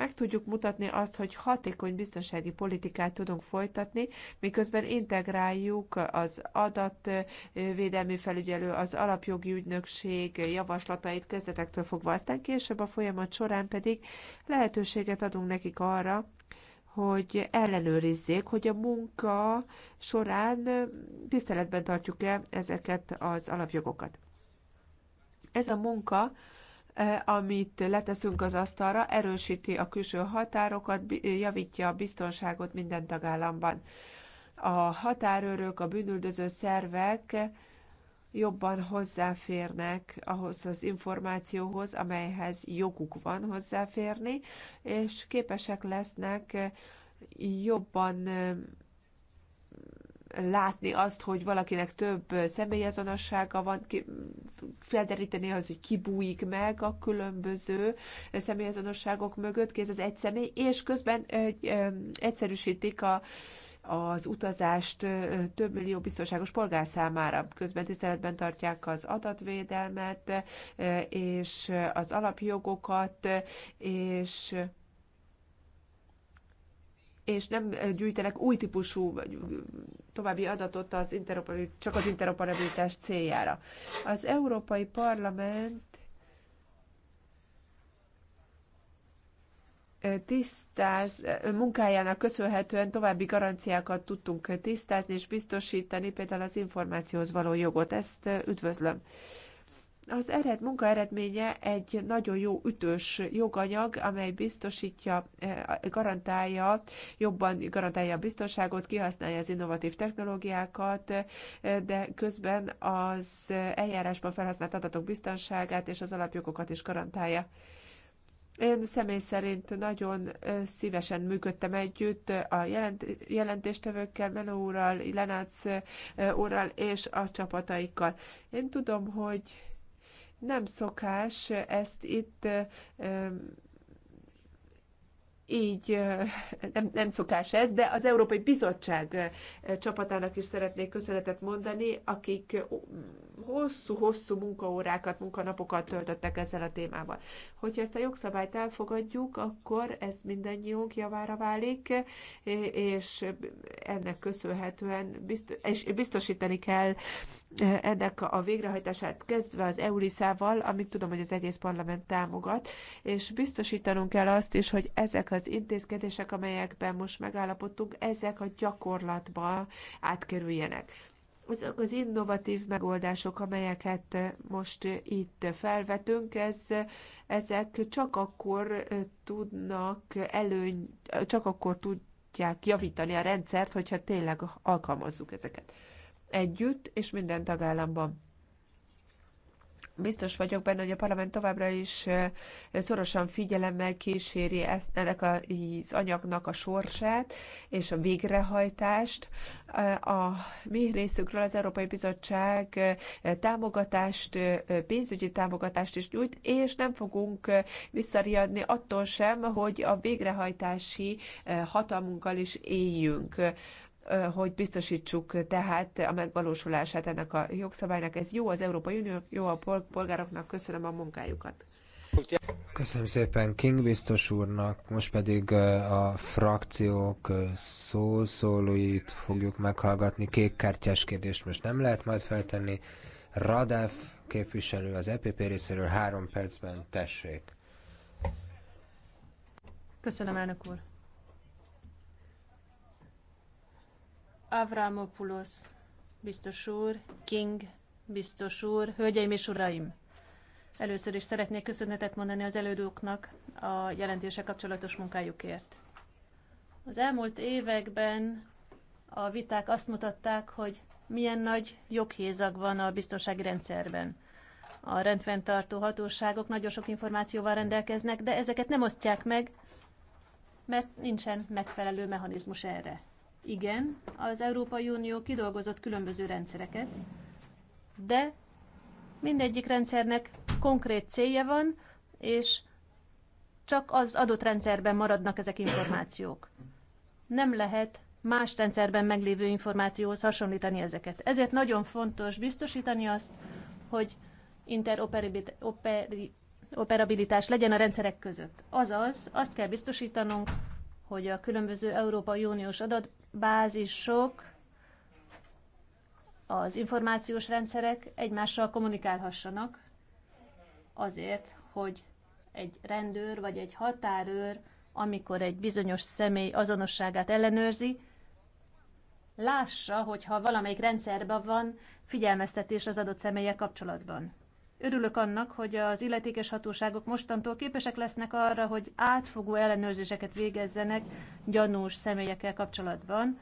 S1: meg tudjuk mutatni azt, hogy hatékony biztonsági politikát tudunk folytatni, miközben integráljuk az adatvédelmi felügyelő, az alapjogi ügynökség javaslatait kezdetektől fogva. Aztán később a folyamat során pedig lehetőséget adunk nekik arra, hogy ellenőrizzék, hogy a munka során tiszteletben tartjuk-e ezeket az alapjogokat. Ez a munka E, amit leteszünk az asztalra, erősíti a külső határokat, javítja a biztonságot minden tagállamban. A határőrök, a bűnüldöző szervek jobban hozzáférnek ahhoz az információhoz, amelyhez joguk van hozzáférni, és képesek lesznek jobban látni azt, hogy valakinek több személyazonossága van, ki, felderíteni az, hogy kibújik meg a különböző személyazonosságok mögött, ez az egy személy, és közben egy, egyszerűsítik a az utazást több millió biztonságos polgár számára. Közben tiszteletben tartják az adatvédelmet és az alapjogokat, és és nem gyűjtenek új típusú vagy további adatot az csak az interoperabilitás céljára. Az Európai Parlament tisztáz, munkájának köszönhetően további garanciákat tudtunk tisztázni és biztosítani, például az információhoz való jogot. Ezt üdvözlöm. Az ered, munka eredménye egy nagyon jó ütős joganyag, amely biztosítja, eh, garantálja, jobban garantálja a biztonságot, kihasználja az innovatív technológiákat, eh, de közben az eljárásban felhasznált adatok biztonságát és az alapjogokat is garantálja. Én személy szerint nagyon eh, szívesen működtem együtt a jelent, jelentéstevőkkel, Menó úrral, Lenác úrral és a csapataikkal. Én tudom, hogy nem szokás ezt itt így nem, nem szokás ez, de az Európai Bizottság csapatának is szeretnék köszönetet mondani, akik hosszú-hosszú munkaórákat, munkanapokat töltöttek ezzel a témával. Hogyha ezt a jogszabályt elfogadjuk, akkor ez mindannyiunk javára válik, és ennek köszönhetően és biztosítani kell ennek a végrehajtását kezdve az EULISZ-ával, amit tudom, hogy az egész parlament támogat, és biztosítanunk kell azt is, hogy ezek az intézkedések, amelyekben most megállapodtunk, ezek a gyakorlatba átkerüljenek azok az innovatív megoldások, amelyeket most itt felvetünk, ez, ezek csak akkor tudnak előny, csak akkor tudják javítani a rendszert, hogyha tényleg alkalmazzuk ezeket együtt és minden tagállamban. Biztos vagyok benne, hogy a parlament továbbra is szorosan figyelemmel kíséri ezt, ennek az anyagnak a sorsát és a végrehajtást. A mi részükről az Európai Bizottság támogatást, pénzügyi támogatást is nyújt, és nem fogunk visszariadni attól sem, hogy a végrehajtási hatalmunkkal is éljünk hogy biztosítsuk tehát a megvalósulását ennek a jogszabálynak. Ez jó az Európai Unió, jó a polgároknak, köszönöm a munkájukat.
S3: Köszönöm szépen King biztos úrnak, most pedig a frakciók szószólóit fogjuk meghallgatni. kék kártyás kérdést most nem lehet majd feltenni. Radev képviselő az EPP részéről három percben tessék.
S2: Köszönöm, elnök úr. Avramopoulos biztos úr, King biztos úr, hölgyeim és uraim! Először is szeretnék köszönetet mondani az elődőknak a jelentése kapcsolatos munkájukért. Az elmúlt években a viták azt mutatták, hogy milyen nagy joghézag van a biztonsági rendszerben. A rendfenntartó hatóságok nagyon sok információval rendelkeznek, de ezeket nem osztják meg, mert nincsen megfelelő mechanizmus erre. Igen, az Európai Unió kidolgozott különböző rendszereket, de mindegyik rendszernek konkrét célja van, és csak az adott rendszerben maradnak ezek információk. Nem lehet más rendszerben meglévő információhoz hasonlítani ezeket. Ezért nagyon fontos biztosítani azt, hogy interoperabilitás legyen a rendszerek között. Azaz, azt kell biztosítanunk, hogy a különböző Európai Uniós adatbázisok, az információs rendszerek egymással kommunikálhassanak azért, hogy egy rendőr vagy egy határőr, amikor egy bizonyos személy azonosságát ellenőrzi, lássa, hogyha valamelyik rendszerben van figyelmeztetés az adott személye kapcsolatban. Örülök annak, hogy az illetékes hatóságok mostantól képesek lesznek arra, hogy átfogó ellenőrzéseket végezzenek gyanús személyekkel kapcsolatban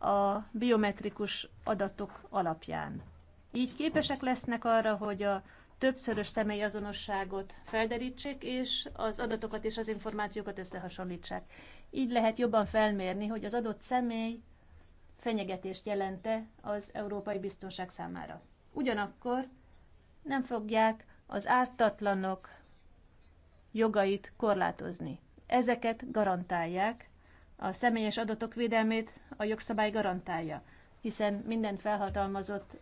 S2: a biometrikus adatok alapján. Így képesek lesznek arra, hogy a többszörös személyazonosságot felderítsék, és az adatokat és az információkat összehasonlítsák. Így lehet jobban felmérni, hogy az adott személy fenyegetést jelente az európai biztonság számára ugyanakkor nem fogják az ártatlanok jogait korlátozni. Ezeket garantálják, a személyes adatok védelmét a jogszabály garantálja, hiszen minden felhatalmazott,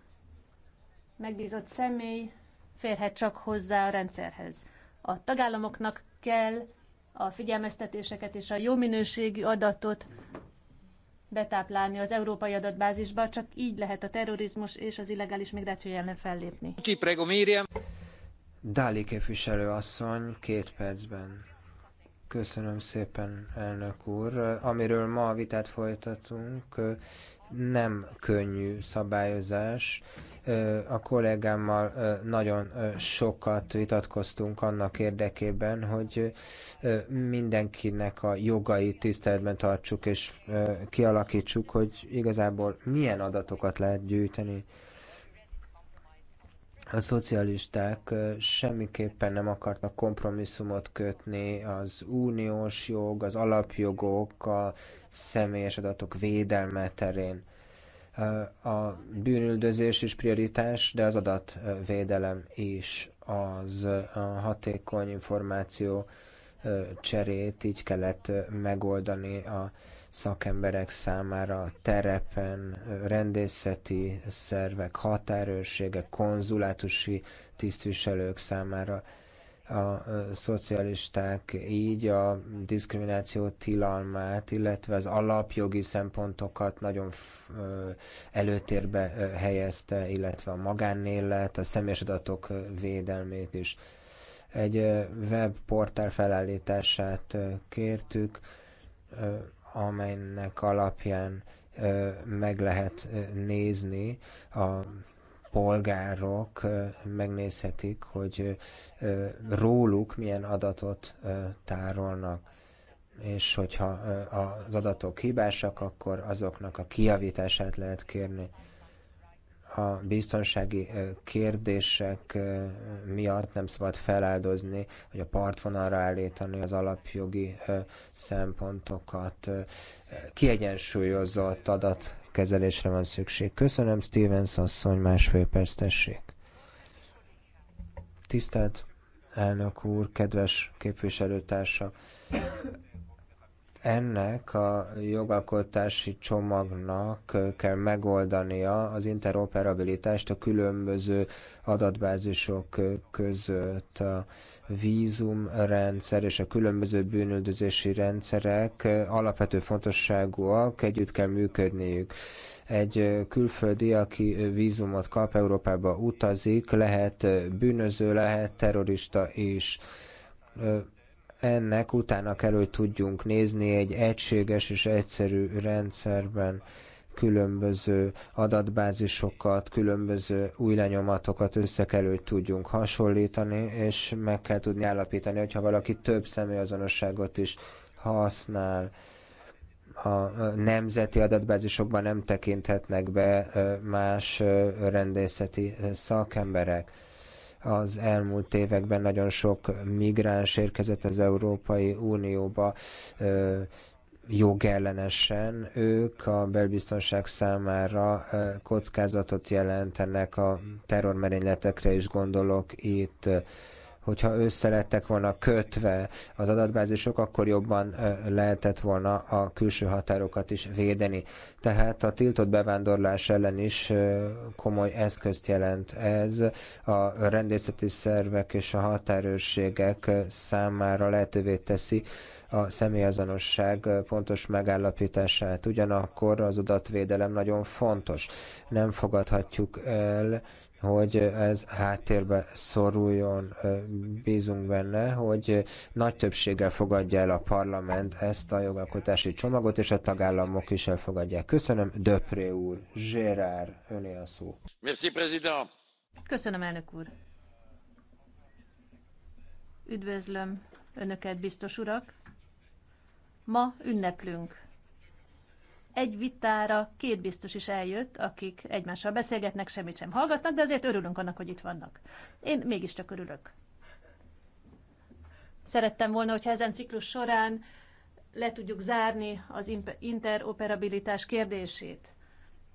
S2: megbízott személy férhet csak hozzá a rendszerhez. A tagállamoknak kell a figyelmeztetéseket és a jó minőségű adatot betáplálni az európai adatbázisba, csak így lehet a terrorizmus és az illegális migráció ellen fellépni.
S3: Dáli képviselő asszony, két percben. Köszönöm szépen, elnök úr. Amiről ma a vitát folytatunk, nem könnyű szabályozás, a kollégámmal nagyon sokat vitatkoztunk annak érdekében, hogy mindenkinek a jogait tiszteletben tartsuk és kialakítsuk, hogy igazából milyen adatokat lehet gyűjteni. A szocialisták semmiképpen nem akartak kompromisszumot kötni az uniós jog, az alapjogok, a személyes adatok védelme terén a bűnüldözés is prioritás, de az adatvédelem is az a hatékony információ cserét így kellett megoldani a szakemberek számára terepen, rendészeti szervek, határőrségek, konzulátusi tisztviselők számára a szocialisták így a diszkrimináció tilalmát, illetve az alapjogi szempontokat nagyon előtérbe helyezte, illetve a magánélet, a személyes adatok védelmét is. Egy webportál felállítását kértük, amelynek alapján meg lehet nézni a polgárok megnézhetik, hogy róluk milyen adatot tárolnak és hogyha az adatok hibásak, akkor azoknak a kiavítását lehet kérni. A biztonsági kérdések miatt nem szabad feláldozni, hogy a partvonalra állítani az alapjogi szempontokat. Kiegyensúlyozott adat kezelésre van szükség. Köszönöm, Stevens asszony, másfél perc tessék. Tisztelt elnök úr, kedves képviselőtársa! Ennek a jogalkotási csomagnak kell megoldania az interoperabilitást a különböző adatbázisok között. A vízumrendszer és a különböző bűnöldözési rendszerek alapvető fontosságúak, együtt kell működniük. Egy külföldi, aki vízumot kap, Európába utazik, lehet bűnöző, lehet terrorista is ennek utána kell, hogy tudjunk nézni egy egységes és egyszerű rendszerben különböző adatbázisokat, különböző új lenyomatokat össze kell, hogy tudjunk hasonlítani, és meg kell tudni állapítani, hogyha valaki több személyazonosságot is használ, a nemzeti adatbázisokban nem tekinthetnek be más rendészeti szakemberek. Az elmúlt években nagyon sok migráns érkezett az Európai Unióba, jogellenesen, ők a belbiztonság számára kockázatot jelentenek a terrormerényletekre is gondolok itt hogyha összelettek volna kötve az adatbázisok, akkor jobban lehetett volna a külső határokat is védeni. Tehát a tiltott bevándorlás ellen is komoly eszközt jelent ez. A rendészeti szervek és a határőrségek számára lehetővé teszi, a személyazonosság pontos megállapítását. Ugyanakkor az adatvédelem nagyon fontos. Nem fogadhatjuk el, hogy ez háttérbe szoruljon. Bízunk benne, hogy nagy többséggel fogadja el a parlament ezt a jogalkotási csomagot, és a tagállamok is elfogadják. Köszönöm, Döpré úr, Gérár, öné a szó. Merci, président.
S2: Köszönöm, elnök úr. Üdvözlöm Önöket, biztos urak! Ma ünneplünk. Egy vitára két biztos is eljött, akik egymással beszélgetnek, semmit sem hallgatnak, de azért örülünk annak, hogy itt vannak. Én mégiscsak örülök. Szerettem volna, hogyha ezen ciklus során le tudjuk zárni az interoperabilitás kérdését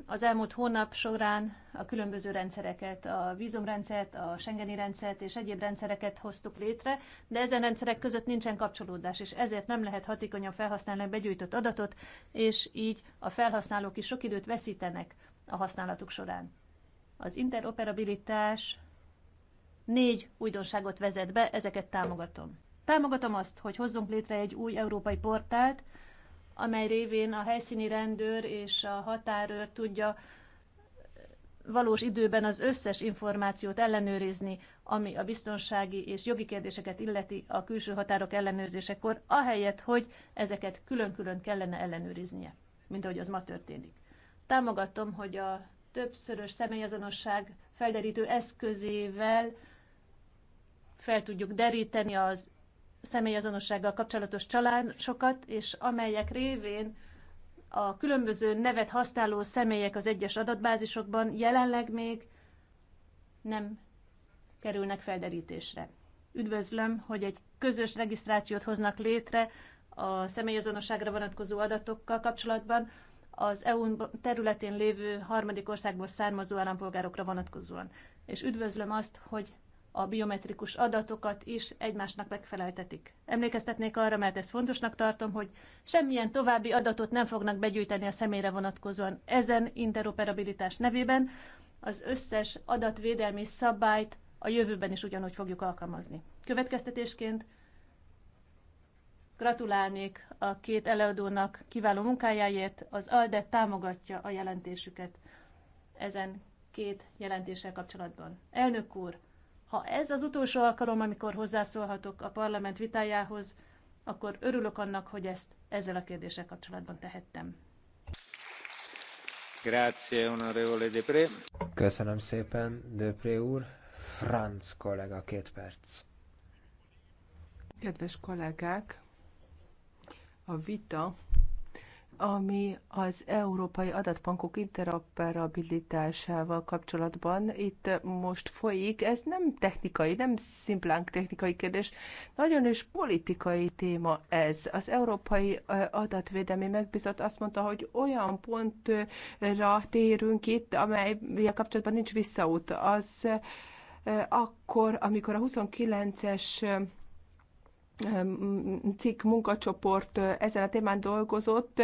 S2: az elmúlt hónap során a különböző rendszereket, a vízumrendszert, a Schengeni rendszert és egyéb rendszereket hoztuk létre, de ezen rendszerek között nincsen kapcsolódás, és ezért nem lehet hatékonyan felhasználni a begyűjtött adatot, és így a felhasználók is sok időt veszítenek a használatuk során. Az interoperabilitás négy újdonságot vezet be, ezeket támogatom. Támogatom azt, hogy hozzunk létre egy új európai portált, amely révén a helyszíni rendőr és a határőr tudja valós időben az összes információt ellenőrizni, ami a biztonsági és jogi kérdéseket illeti a külső határok ellenőrzésekor, ahelyett, hogy ezeket külön-külön kellene ellenőriznie, mint ahogy az ma történik. Támogatom, hogy a többszörös személyazonosság felderítő eszközével fel tudjuk deríteni az személyazonossággal kapcsolatos csalásokat, és amelyek révén a különböző nevet használó személyek az egyes adatbázisokban jelenleg még nem kerülnek felderítésre. Üdvözlöm, hogy egy közös regisztrációt hoznak létre a személyazonosságra vonatkozó adatokkal kapcsolatban az EU területén lévő harmadik országból származó állampolgárokra vonatkozóan. És üdvözlöm azt, hogy a biometrikus adatokat is egymásnak megfeleltetik. Emlékeztetnék arra, mert ezt fontosnak tartom, hogy semmilyen további adatot nem fognak begyűjteni a személyre vonatkozóan ezen interoperabilitás nevében, az összes adatvédelmi szabályt a jövőben is ugyanúgy fogjuk alkalmazni. Következtetésként gratulálnék a két előadónak kiváló munkájáért, az ALDE támogatja a jelentésüket ezen két jelentéssel kapcsolatban. Elnök úr, ha ez az utolsó alkalom, amikor hozzászólhatok a parlament vitájához, akkor örülök annak, hogy ezt ezzel a kérdéssel kapcsolatban tehettem.
S3: Grazie, onorevole Köszönöm szépen, Depré úr. Franz kollega, két perc.
S1: Kedves kollégák, a vita ami az európai adatbankok interoperabilitásával kapcsolatban itt most folyik. Ez nem technikai, nem szimplán technikai kérdés, nagyon is politikai téma ez. Az Európai Adatvédelmi Megbizott azt mondta, hogy olyan pontra térünk itt, amelyel kapcsolatban nincs visszaút. Az akkor, amikor a 29-es cikk munkacsoport ezen a témán dolgozott,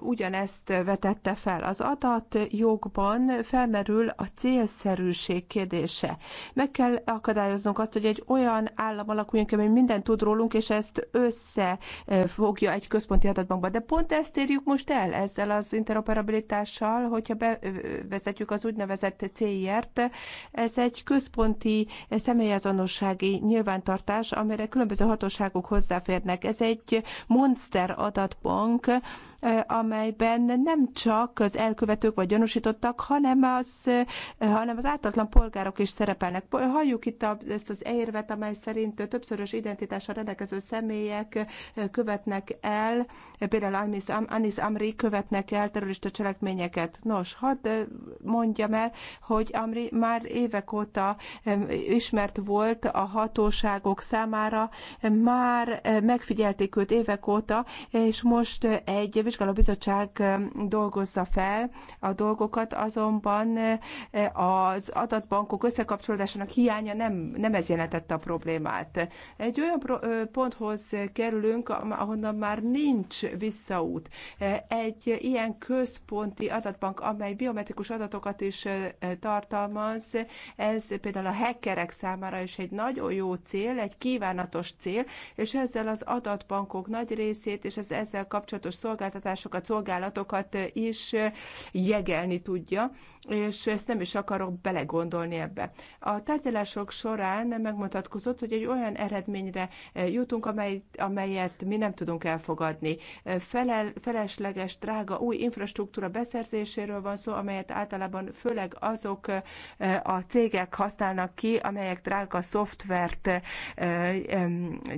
S1: ugyanezt vetette fel. Az adat jogban felmerül a célszerűség kérdése. Meg kell akadályoznunk azt, hogy egy olyan állam alakuljon ki, ami mindent tud rólunk, és ezt összefogja egy központi adatbankba. De pont ezt érjük most el ezzel az interoperabilitással, hogyha bevezetjük az úgynevezett CIR-t. Ez egy központi személyazonossági nyilvántartás, amire különböző hatóságok hozzáférnek. Ez egy monster adatbank, eh, amelyben nem csak az elkövetők vagy gyanúsítottak, hanem az, eh, hanem az ártatlan polgárok is szerepelnek. Halljuk itt a, ezt az érvet, amely szerint többszörös identitással rendelkező személyek eh, követnek el, például Anis, Anis Amri követnek el terrorista cselekményeket. Nos, hadd mondjam el, hogy Amri már évek óta ismert volt a hatóságok számára, már eh, megfigyelték őt évek óta, és most eh, egy vizsgálóbizottság eh, dolgozza fel a dolgokat, azonban az adatbankok összekapcsolódásának hiánya nem, nem ez jelentette a problémát. Egy olyan ponthoz kerülünk, ahonnan már nincs visszaút. Egy ilyen központi adatbank, amely biometrikus adatokat is tartalmaz, ez például a hackerek számára is egy nagyon jó cél, egy kívánatos cél, és ezzel az adatbankok nagy részét és az ezzel kapcsolatos szolgáltatásokat, szolgálatokat is jegelni tudja, és ezt nem is akarok belegondolni ebbe. A tárgyalások során megmutatkozott, hogy egy olyan eredményre eh, jutunk, amely, amelyet mi nem tudunk elfogadni. Eh, felel, felesleges, drága új infrastruktúra beszerzéséről van szó, amelyet általában főleg azok eh, a cégek használnak ki, amelyek drága szoftvert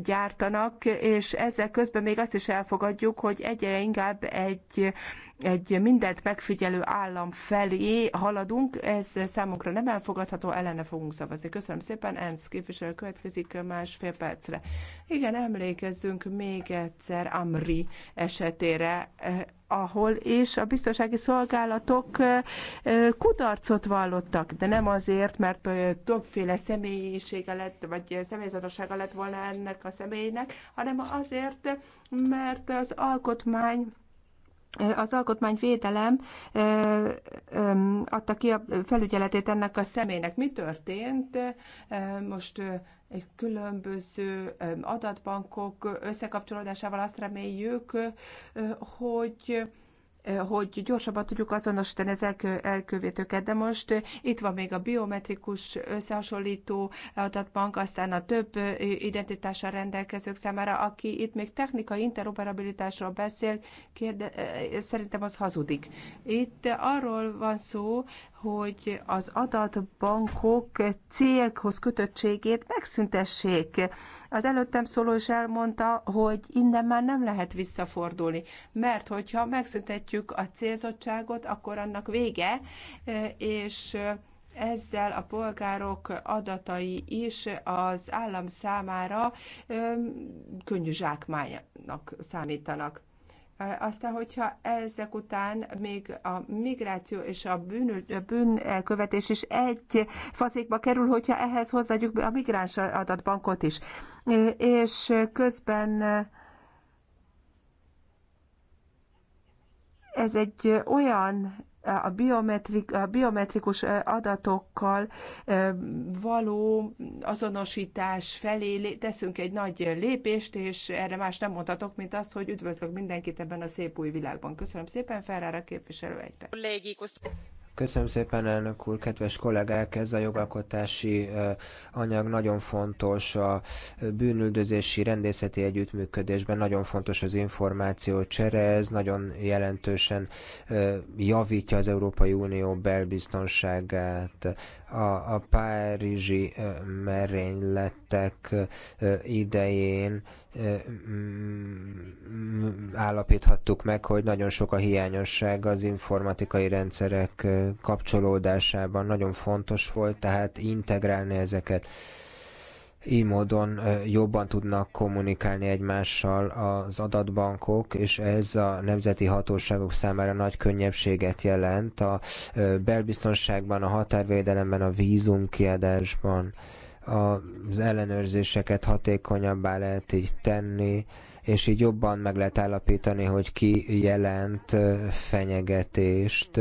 S1: gyártanak, és ezzel közben még azt is elfogadjuk, hogy egyre inkább egy egy mindent megfigyelő állam felé haladunk, ez számunkra nem elfogadható, ellene fogunk szavazni. Köszönöm szépen, ENSZ képviselő következik másfél percre. Igen, emlékezzünk még egyszer Amri esetére, eh, ahol is a biztonsági szolgálatok eh, eh, kudarcot vallottak, de nem azért, mert többféle személyisége lett, vagy személyzatossága lett volna ennek a személynek, hanem azért, mert az alkotmány az alkotmányvédelem adta ki a felügyeletét ennek a személynek. Mi történt? Most különböző adatbankok összekapcsolódásával azt reméljük, hogy hogy gyorsabban tudjuk azonosítani az elkövetőket, de most itt van még a biometrikus összehasonlító adatbank, aztán a több identitással rendelkezők számára, aki itt még technikai interoperabilitásról beszél, kérde, szerintem az hazudik. Itt arról van szó, hogy az adatbankok célhoz kötöttségét megszüntessék. Az előttem szóló is elmondta, hogy innen már nem lehet visszafordulni, mert hogyha megszüntetjük a célzottságot, akkor annak vége, és ezzel a polgárok adatai is az állam számára könnyű zsákmánynak számítanak. Aztán, hogyha ezek után még a migráció és a bűn, bűnelkövetés is egy faszékba kerül, hogyha ehhez hozzáadjuk a migráns adatbankot is. És közben ez egy olyan a, biometrik, a biometrikus adatokkal való azonosítás felé teszünk egy nagy lépést, és erre más nem mondhatok, mint azt, hogy üdvözlök mindenkit ebben a szép új világban. Köszönöm szépen, Ferrara képviselő egyben.
S3: Köszönöm szépen, elnök úr, kedves kollégák! Ez a jogalkotási anyag nagyon fontos a bűnüldözési rendészeti együttműködésben, nagyon fontos az információ csere, ez nagyon jelentősen javítja az Európai Unió belbiztonságát a, a párizsi merényletek idején állapíthattuk meg, hogy nagyon sok a hiányosság az informatikai rendszerek kapcsolódásában. Nagyon fontos volt tehát integrálni ezeket így módon jobban tudnak kommunikálni egymással az adatbankok, és ez a nemzeti hatóságok számára nagy könnyebbséget jelent a belbiztonságban, a határvédelemben, a vízumkiadásban az ellenőrzéseket hatékonyabbá lehet így tenni, és így jobban meg lehet állapítani, hogy ki jelent fenyegetést,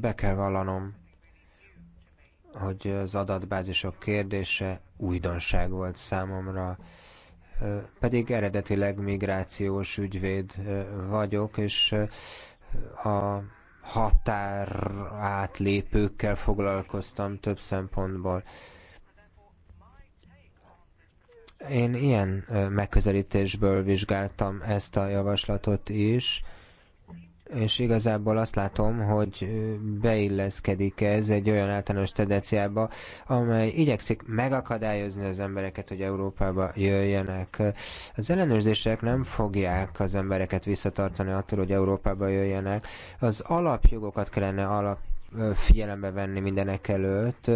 S3: be kell vallanom, hogy az adatbázisok kérdése újdonság volt számomra, pedig eredetileg migrációs ügyvéd vagyok, és a határ átlépőkkel foglalkoztam több szempontból. Én ilyen megközelítésből vizsgáltam ezt a javaslatot is, és igazából azt látom, hogy beilleszkedik ez egy olyan általános tendenciába, amely igyekszik megakadályozni az embereket, hogy Európába jöjjenek. Az ellenőrzések nem fogják az embereket visszatartani attól, hogy Európába jöjjenek. Az alapjogokat kellene alap figyelembe venni mindenek előtt.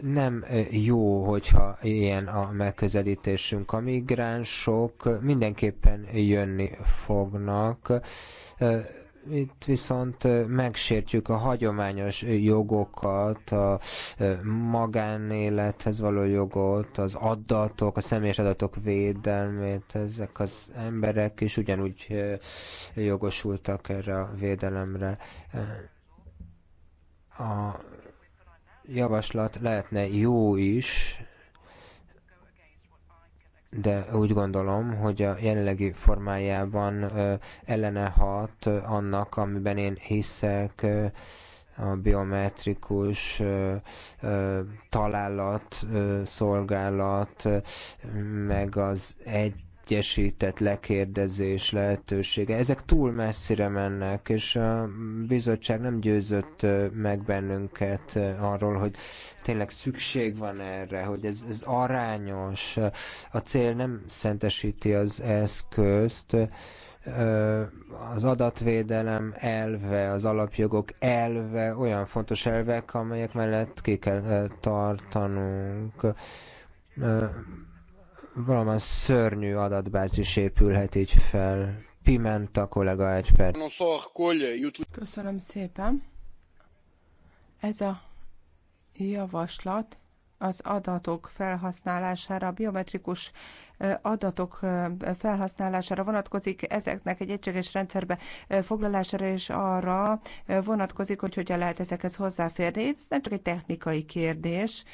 S3: Nem jó, hogyha ilyen a megközelítésünk. A migránsok mindenképpen jönni fognak itt viszont megsértjük a hagyományos jogokat, a magánélethez való jogot, az adatok, a személyes adatok védelmét, ezek az emberek is ugyanúgy jogosultak erre a védelemre. A javaslat lehetne jó is, de úgy gondolom, hogy a jelenlegi formájában ellene hat annak, amiben én hiszek, a biometrikus találat, szolgálat, meg az egy egyesített lekérdezés lehetősége. Ezek túl messzire mennek, és a bizottság nem győzött meg bennünket arról, hogy tényleg szükség van erre, hogy ez, ez arányos. A cél nem szentesíti az eszközt, az adatvédelem elve, az alapjogok elve olyan fontos elvek, amelyek mellett ki kell tartanunk valamilyen szörnyű adatbázis épülhet így fel. Pimenta kollega egy perc.
S1: E Köszönöm szépen. Ez a javaslat az adatok felhasználására, biometrikus adatok felhasználására vonatkozik, ezeknek egy egységes rendszerbe foglalására és arra vonatkozik, hogy hogyan lehet ezekhez hozzáférni. Ez nem csak egy technikai kérdés,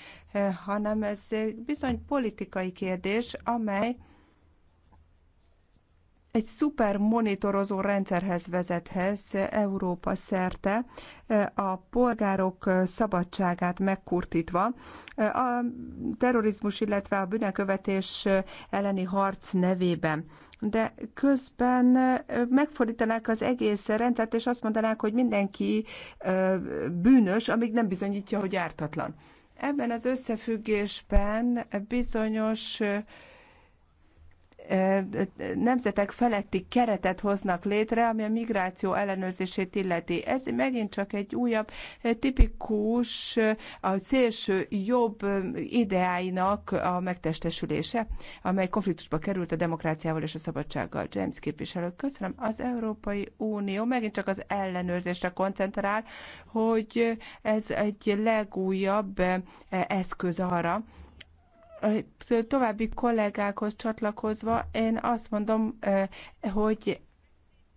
S1: hanem ez bizony politikai kérdés, amely egy szuper monitorozó rendszerhez vezethez Európa szerte, eh, a polgárok eh, szabadságát megkurtítva. Eh, a terrorizmus, illetve a bűnökövetés elleni harc nevében. De közben megfordítanák az egész rendszert, és azt mondanák, hogy mindenki bűnös, amíg nem bizonyítja, hogy ártatlan. Ebben az összefüggésben bizonyos nemzetek feletti keretet hoznak létre, ami a migráció ellenőrzését illeti. Ez megint csak egy újabb tipikus, a szélső jobb ideáinak a megtestesülése, amely konfliktusba került a demokráciával és a szabadsággal. James képviselő, köszönöm. Az Európai Unió megint csak az ellenőrzésre koncentrál, hogy ez egy legújabb eszköz arra, további kollégákhoz csatlakozva, én azt mondom, eh, hogy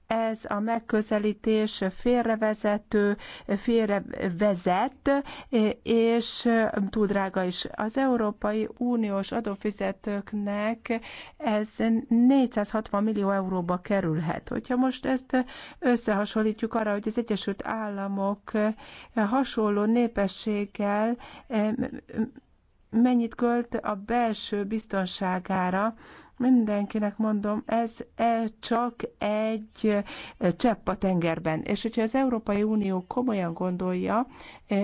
S1: ez a megközelítés félrevezető, félrevezet, eh, és eh, túl drága is. Az Európai Uniós adófizetőknek ez 460 millió euróba kerülhet. Hogyha most ezt összehasonlítjuk arra, hogy az Egyesült Államok hasonló népességgel mennyit költ a belső biztonságára. Mindenkinek mondom, ez e csak egy csepp a tengerben. És hogyha az Európai Unió komolyan gondolja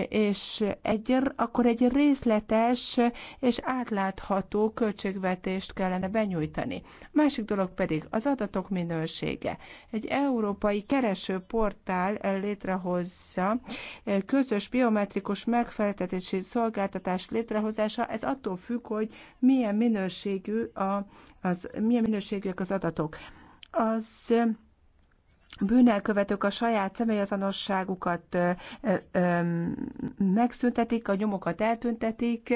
S1: és egy, akkor egy részletes és átlátható költségvetést kellene benyújtani. másik dolog pedig az adatok minősége. Egy európai keresőportál létrehozza eh, közös biometrikus megfeleltetési szolgáltatás létrehozása, ez attól függ, hogy milyen minőségű a, az, milyen minőségűek az adatok. Az eh, bűnelkövetők a saját személyazonosságukat megszüntetik, a nyomokat eltüntetik.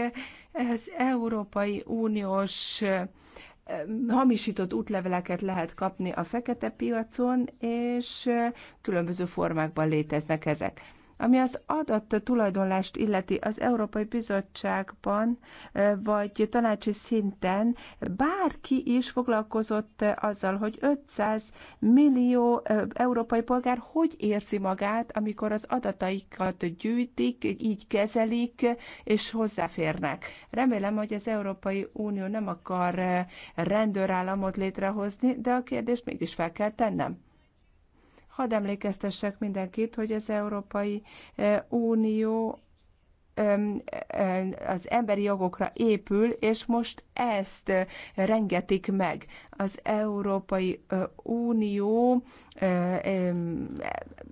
S1: Ez Európai Uniós hamisított útleveleket lehet kapni a fekete piacon, és különböző formákban léteznek ezek. Ami az adat tulajdonlást illeti az Európai Bizottságban vagy tanácsi szinten, bárki is foglalkozott azzal, hogy 500 millió európai polgár hogy érzi magát, amikor az adataikat gyűjtik, így kezelik és hozzáférnek. Remélem, hogy az Európai Unió nem akar rendőrállamot létrehozni, de a kérdést mégis fel kell tennem. Hadd emlékeztessek mindenkit, hogy az Európai eh, Unió az emberi jogokra épül, és most ezt eh, rengetik meg. Az Európai eh, Unió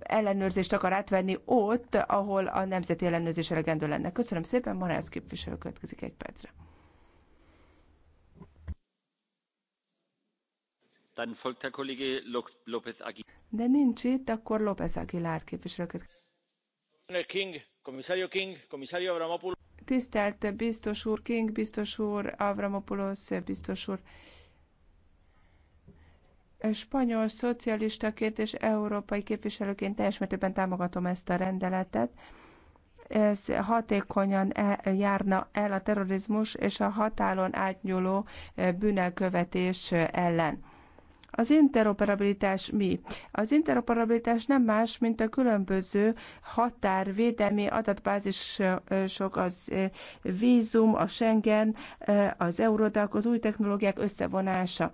S1: ellenőrzést akar átvenni ott, ahol a nemzeti ellenőrzés elegendő lenne. Köszönöm szépen, Marász képviselő következik egy percre. De nincs itt, akkor López Aguilar képviselőket.
S4: King, Avramopoulos.
S1: Tisztelt biztos úr King, biztos úr Avramopoulos, biztos úr spanyol szocialistaként és európai képviselőként teljes mértékben támogatom ezt a rendeletet. Ez hatékonyan e- járna el a terrorizmus és a határon átnyúló e, bűnelkövetés e, ellen az interoperabilitás mi? Az interoperabilitás nem más, mint a különböző határvédelmi adatbázisok, az vízum, a Schengen, az Eurodac, az új technológiák összevonása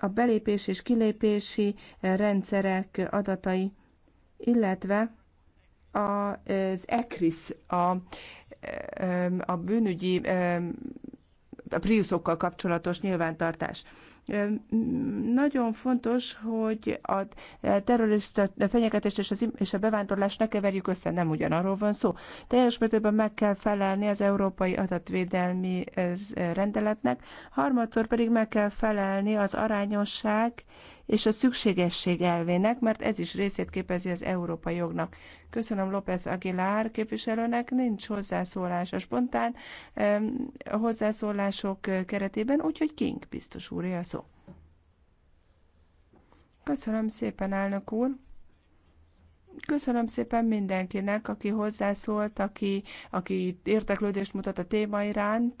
S1: a belépés és kilépési rendszerek adatai, illetve az ECRIS, a, a bűnügyi a priuszokkal kapcsolatos nyilvántartás. Nagyon fontos, hogy a e, terrorista fenyegetést és, az, és a bevándorlást ne keverjük össze, nem ugyanarról van szó. Teljes mértékben meg kell felelni az Európai Adatvédelmi e, e, rendeletnek, harmadszor pedig meg kell felelni az arányosság és a szükségesség elvének, mert ez is részét képezi az európai jognak. Köszönöm López Aguilar képviselőnek, nincs hozzászólás a spontán a hozzászólások keretében, úgyhogy King biztos úr a szó. Köszönöm szépen, elnök úr! Köszönöm szépen mindenkinek, aki hozzászólt, aki, aki érteklődést mutat a téma iránt.